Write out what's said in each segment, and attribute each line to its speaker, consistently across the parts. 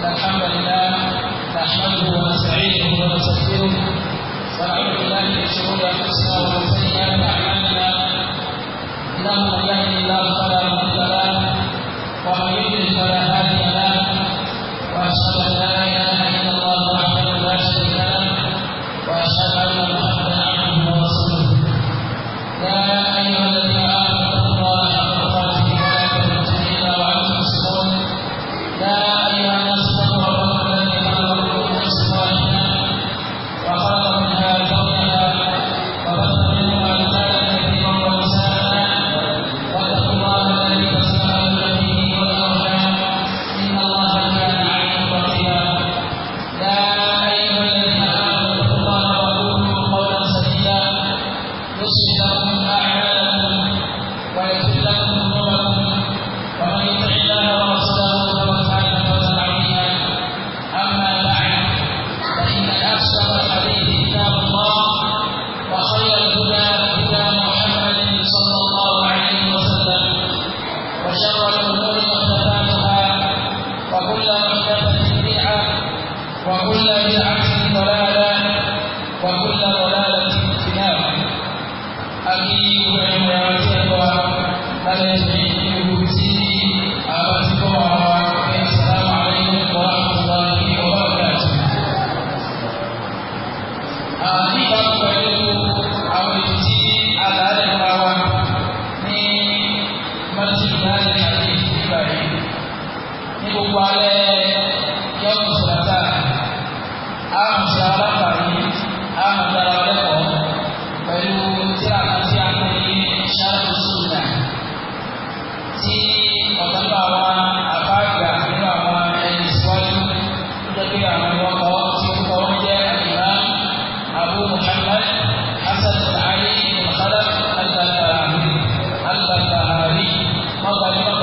Speaker 1: إن الحمد لله نحمده ونستعينه ونستغفره ونعوذ بالله من شرور أنفسنا ومن سيئات أعمالنا إنه من ní má gba ní má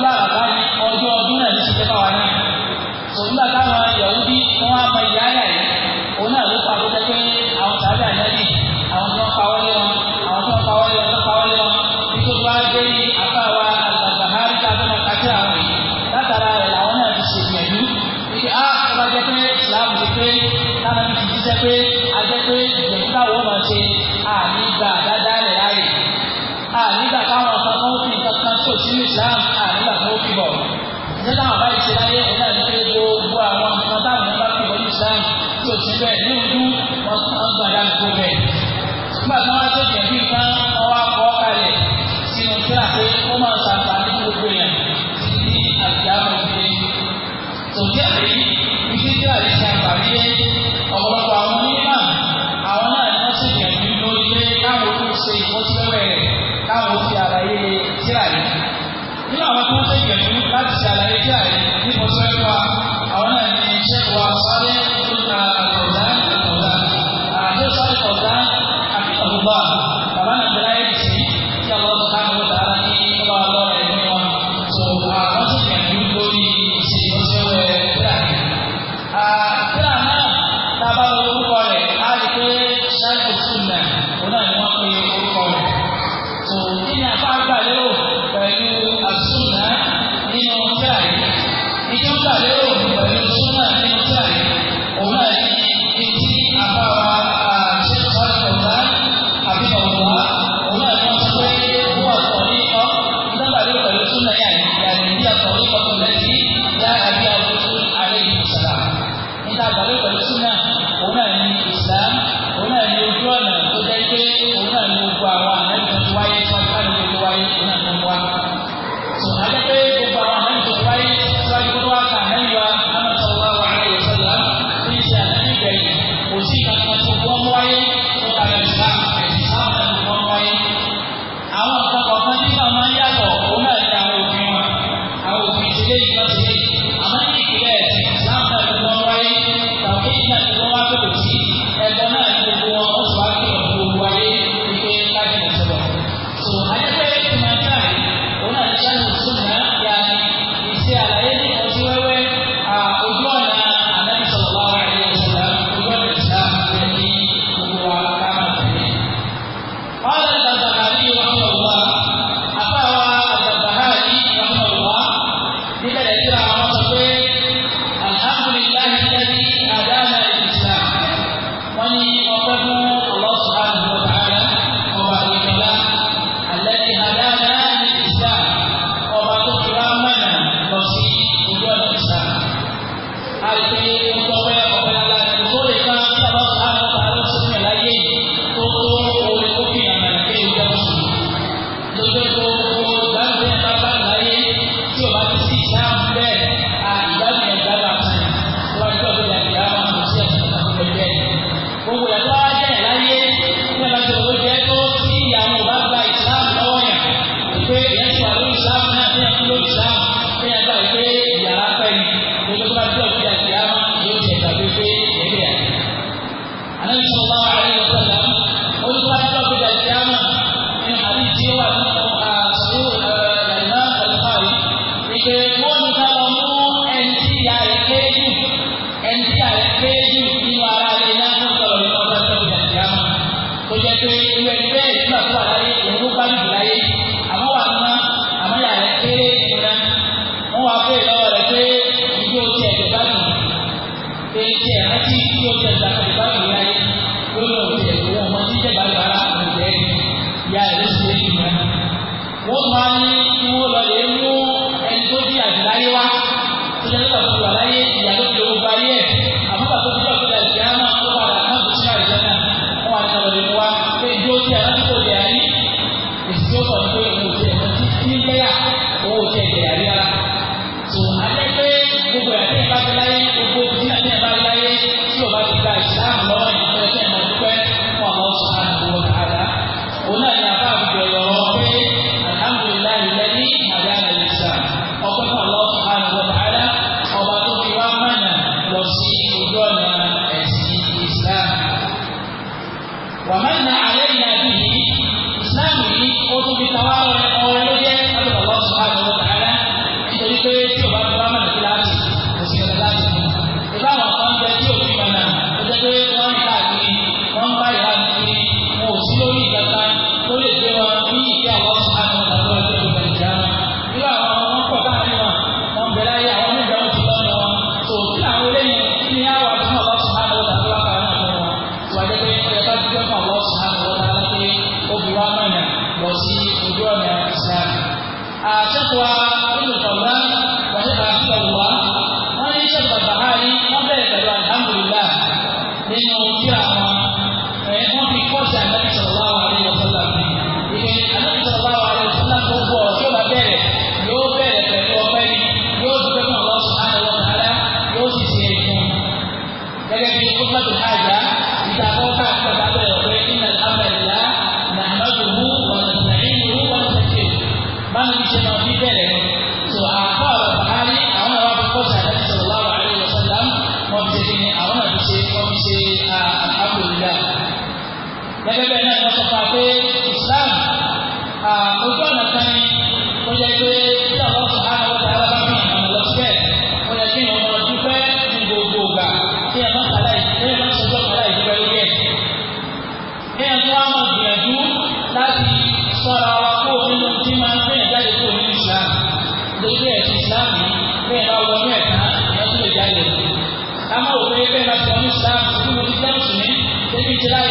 Speaker 1: ọjọ́ àràbá ni ọjọ́ ọdún náà ní ṣiṣẹ́ báwa náà sọ nígbà táwọn yahudi wọn á mọ ìyá yà yìí. July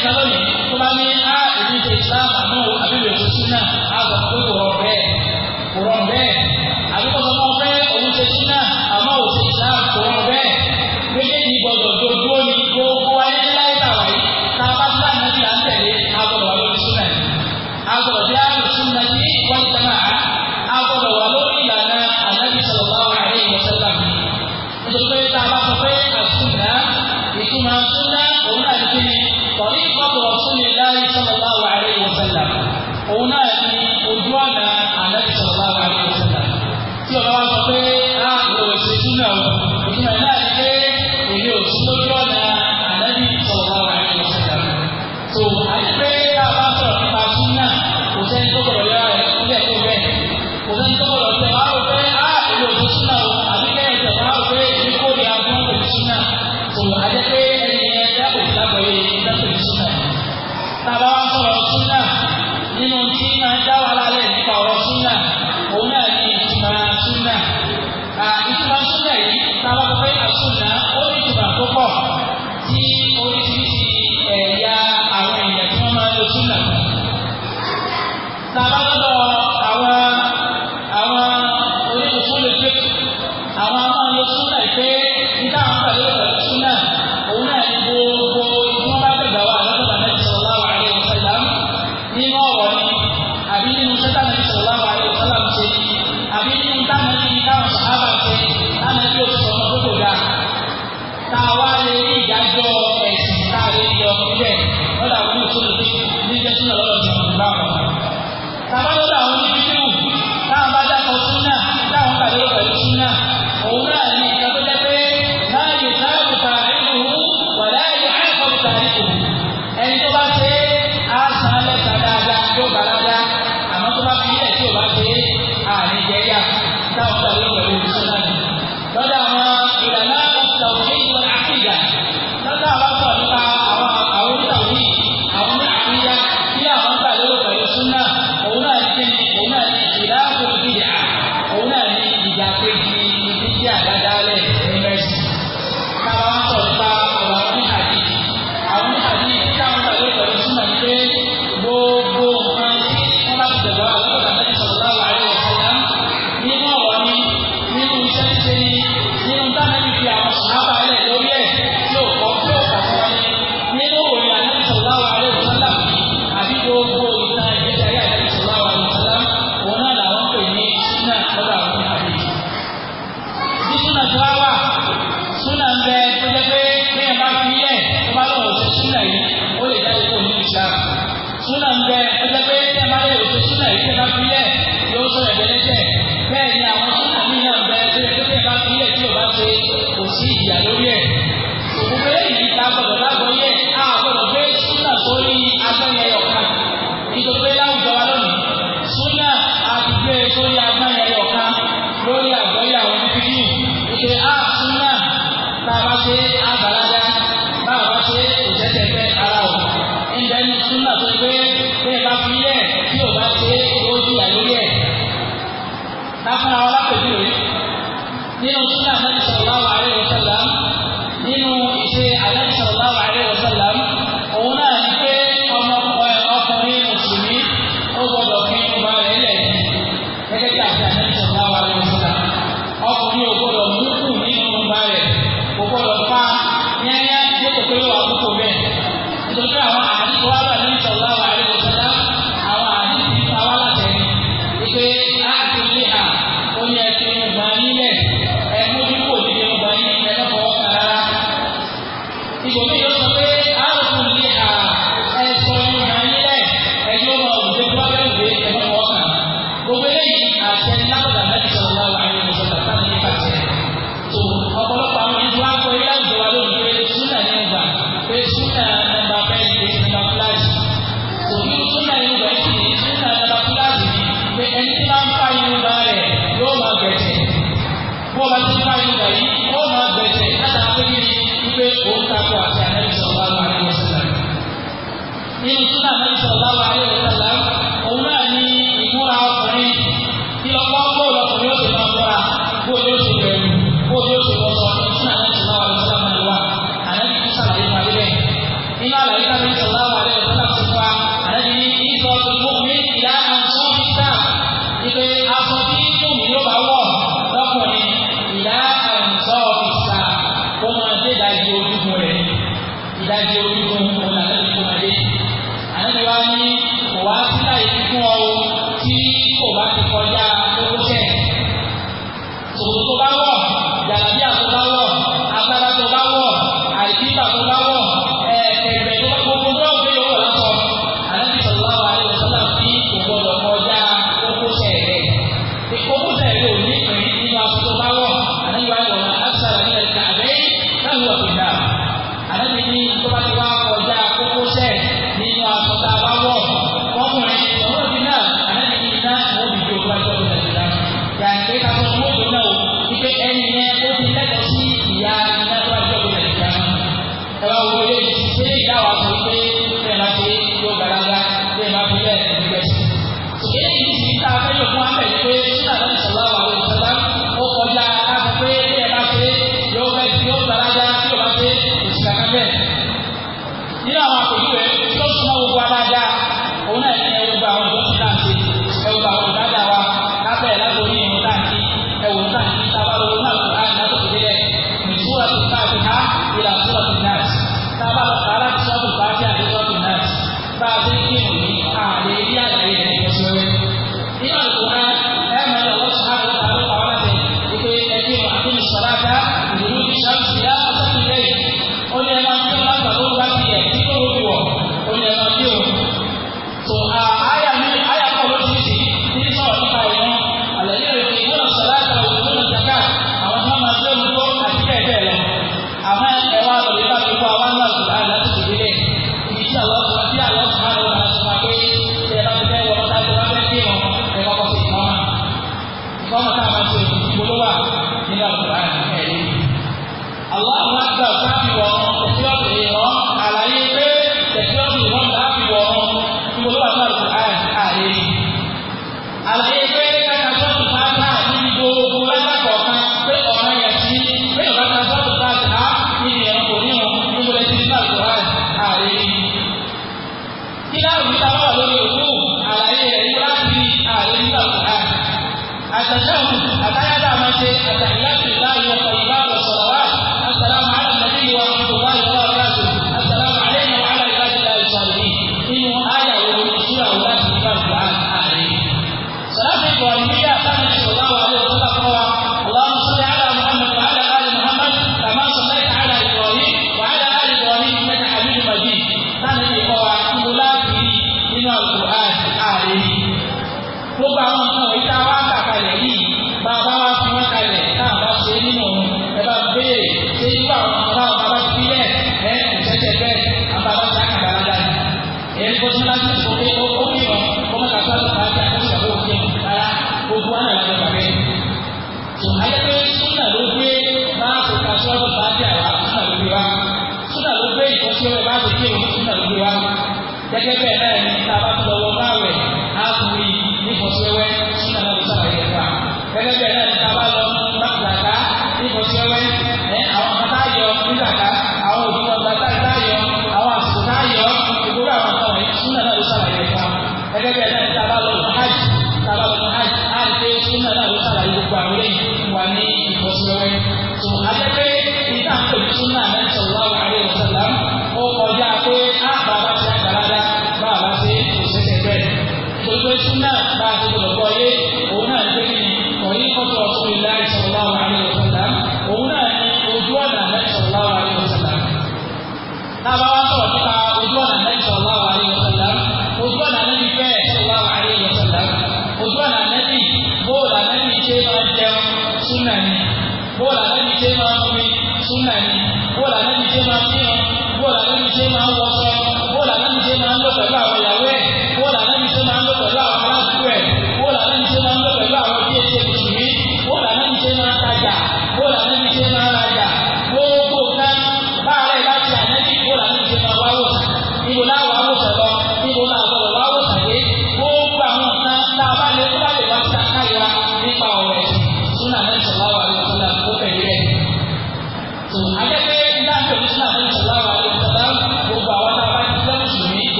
Speaker 1: ẹnìkan lónìí tó bá ní á ah, èmi ṣe islam àmọ́ àbí ìrètí á sọ pé kò rọrùn. dá wàhálà lẹ̀ nípa ọ̀rọ̀ ¡Gracias!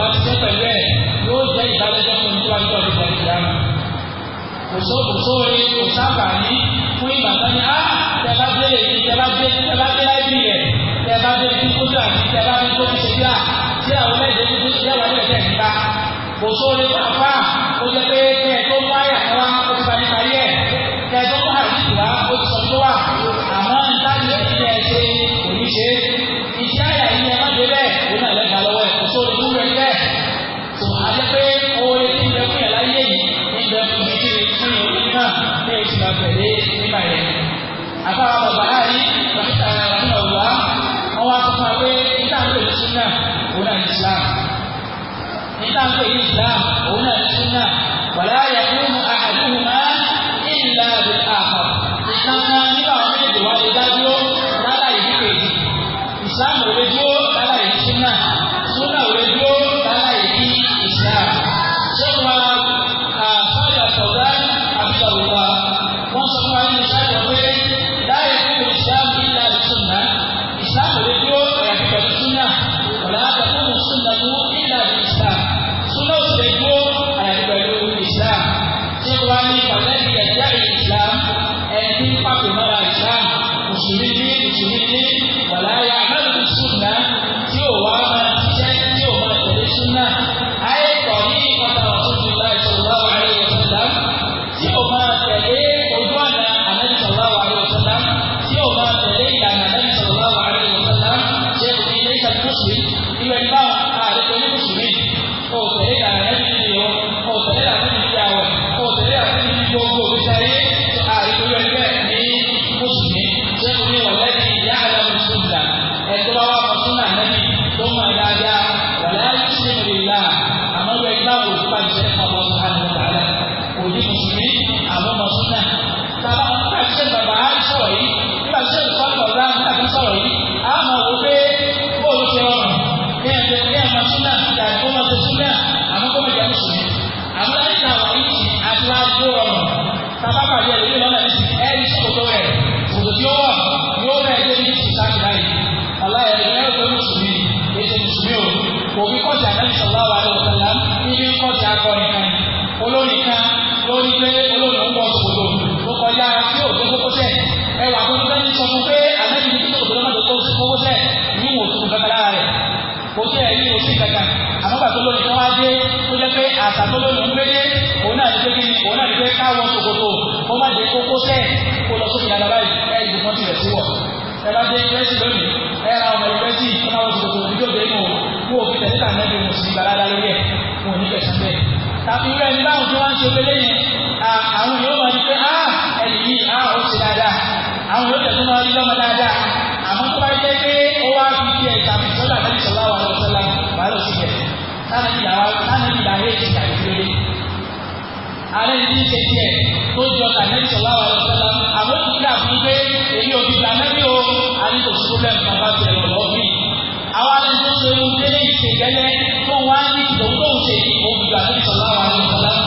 Speaker 1: bá ti jẹ́ pẹ̀lú ẹ̀ yóò jẹ́ ìdálẹ́jọ́ fún ìjọba ìjọba ìjọba ìjọba kò sọ kò sọ orí kò sábà ní fún ìgbà tó ní á tẹ bá dé èyí tẹ bá dé tẹ bá dé láì bìyẹ tẹ bá dé bí kó dà bí tẹ bá bí kó ṣe bí tá a ń ààrẹ yìí ṣe tiẹ̀ tó jọ tàbí sọ̀lá wa lọ́sọ̀lá àmọ́ kí ní àfún pé èyí ò fi gbà mẹ́bí o a ní kò sí problem kan bá ti ẹ̀rọ lọ́wọ́ bí. àwa ni tó ṣe ohun tẹ́lẹ̀ ìṣègẹ́lẹ́ tó wá ní ìdòwú tó ń ṣe òun gbà mẹ́bí sọ̀lá wa lọ́sọ̀lá